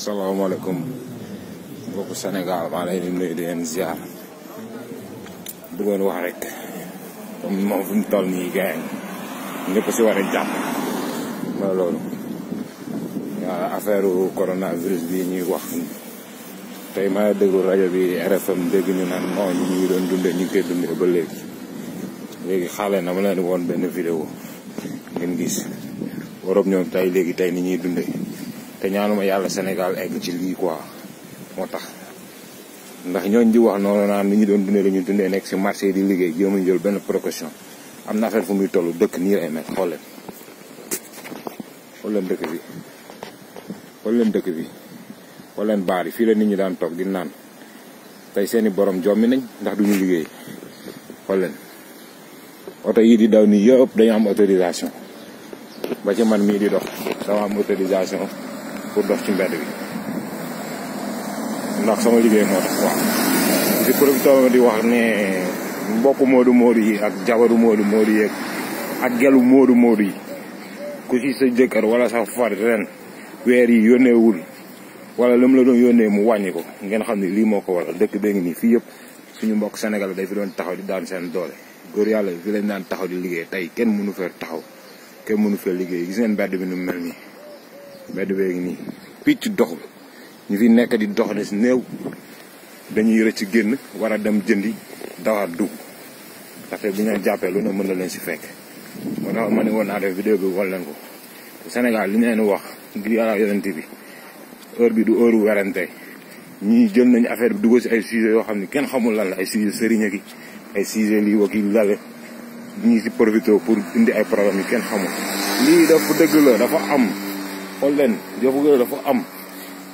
salaamaaleykum mbokku Sénégal maa lay nuyu di leen ziar bëggoon wax rek moom fu mu toll nii gars yi ñëpp si war a jàpp mooy loolu waaw affaire coronavirus bi ñuy wax tey maa déglu rajo bi RFM dégg ñu naan non ñu doon dundee ñu koy dundee ba léegi léegi xaale na ma leen woon benn vidéo ngeen gis. Europe ñoom tey léegi tey ni ñuy dundee te ñaanuma yàlla Sénégal egg ci lii quoi moo ndax ñooñ di wax noonu naan ni ñu doon dundee la ñu dundee nekk marché di liggéey jéemuñ jël benn précaution am na affaire fu muy toll dëkk nii lay mel xool leen xool leen dëkk bi xool leen dëkk bi xool leen baar yi la nit ñi daan toog di naan tey seeni borom jommi nañ ndax duñu liggéey xool leen yi di daw yëpp dañu am autorisation ba ci man mii di dox dama am autorisation pour dox ci mbedd bi ndax sama liggéey moo tax waaw si di wax ne mbokk moodu moodu yi ak jabaru moodu moodu yi ak gelu moodu moodu yi ku si sa jëkkër wala sa far ren weer yi yónneewul wala lu mu la doon yónnee mu wàññi ko ngeen xam ne lii moo ko waral dëkk bee ngi nii fii yëpp suñu mbokk senegal day fi doon taxaw di daan seen doole góor yàlla fi lañ daan taxaw di liggéey tey kenn mënu fer taxaw kenn mënu fee liggéey gis neen mbedd bi nu mel nii mbedd bee nii picc doxul ñu fi nekk di dox si néew dañuy rëcc génn war a dem jëndi dawaat dugg ndaxte bu ñu jàppee lu ne mën na leen si fekk moo tax ma ne woon naa def vidéo bi wol leen ko Sénégal li ñu leen wax di yàlla yonent bi heure bi du heure werante ñii jël nañu affaire bi dugg si ay sujet yoo xam ne kenn xamul lan la ay sujet sëriñ ki ay sujet lii wakii lale ñu si profité pour indi ay problème yi kenn xamul lii dafa dëgg la dafa am xool leen jofu dafa am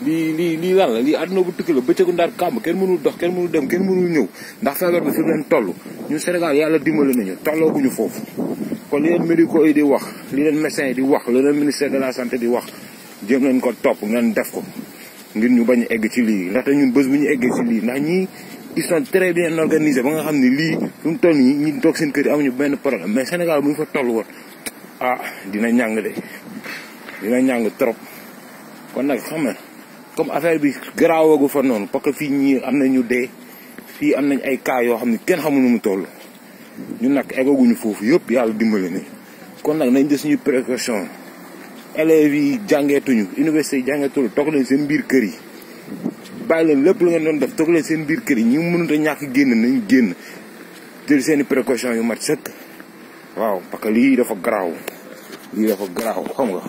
lii lii lii lan la lii àdduna bu tukki la bëccëgu ndaar kàmb kenn mënul dox kenn mënul dem kenn mënul ñëw ndax feebar bi fi leen toll ñun Sénégal yàlla dimbali nañu tollooguñu foofu kon li leen médicaux yi di wax li leen médecins yi di wax li leen ministère de la santé di wax jéem leen ko topp ngeen def ko ngir ñu bañ a egg ci lii ndaxte ñun bés bu ñu eggee ci lii ndax ñii ils sont très bien organisés ba nga xam ne lii fi mu toll nii ñi toog seen kër yi amuñu benn problème mais Sénégal bu ñu fa toll woon ah dina ñàng de dina ñàng trop kon nag xam nga comme affaire bi garaawoogu fa noonu parce que fii ñii am nañu dee fii am nañ ay cas yoo xam ne kenn xamul nu mu toll ñu nag eggaguñu foofu yëpp yàlla dimbali ni kon nag nañ jël suñu précaution élèves yi jàngeetuñu université yi jàngeetul toog seen biir kër yi bàyyi leen lépp lu ngeen doon def toog leen seen biir kër yi ñu mënut a ñàkk génn nañ génn jël seen i précaution yu mat sëkk waaw parce que lii dafa garaaw lii dafa garaaw xam nga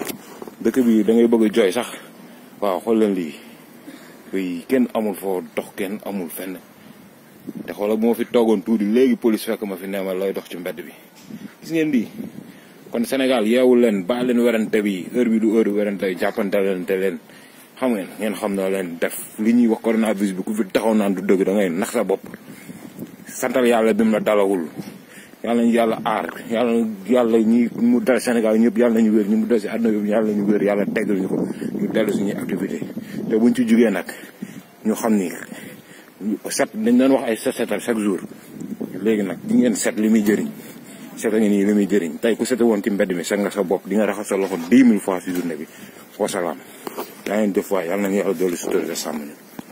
dëkk bi dangay bëgg a jooy sax waaw xool leen lii fii kenn amul foo dox kenn amul fenn te xoolal moo fi toogoon tuuti léegi police fekk ma fi neemal looy dox ci mbedd bi gis ngeen lii kon Sénégal yeewu leen baa leen werante bi heure bi du heure werante jàppante leen te leen xam ngeen ngeen xam na leen def li ñuy wax coronavirus bi ku fi taxaw naan du dëgg da ngay nax sa bopp santal yàlla bi mu dalawul yàlla ñu yàlla aar yàlla yàlla ñi mu dal Sénégal ñëpp yàlla ñu wér ñu mu dal si àdduna bi yàlla ñu wér yàlla teggal ñu ko ñu dellu suñuy activité te buñ ci jugee nag ñu xam ni set dañ doon wax ay set setal chaque jour léegi nag di ngeen set li muy jëriñ saya tanya ini lu jering, jëriñ tey ku sete woon ci mbedd mi seg nga sa bopp di nga raxas sa loxo 10 fois si journée bi wasalaam yaa ngeen def waay yàlla nañu yàlla dolli sutura sàmm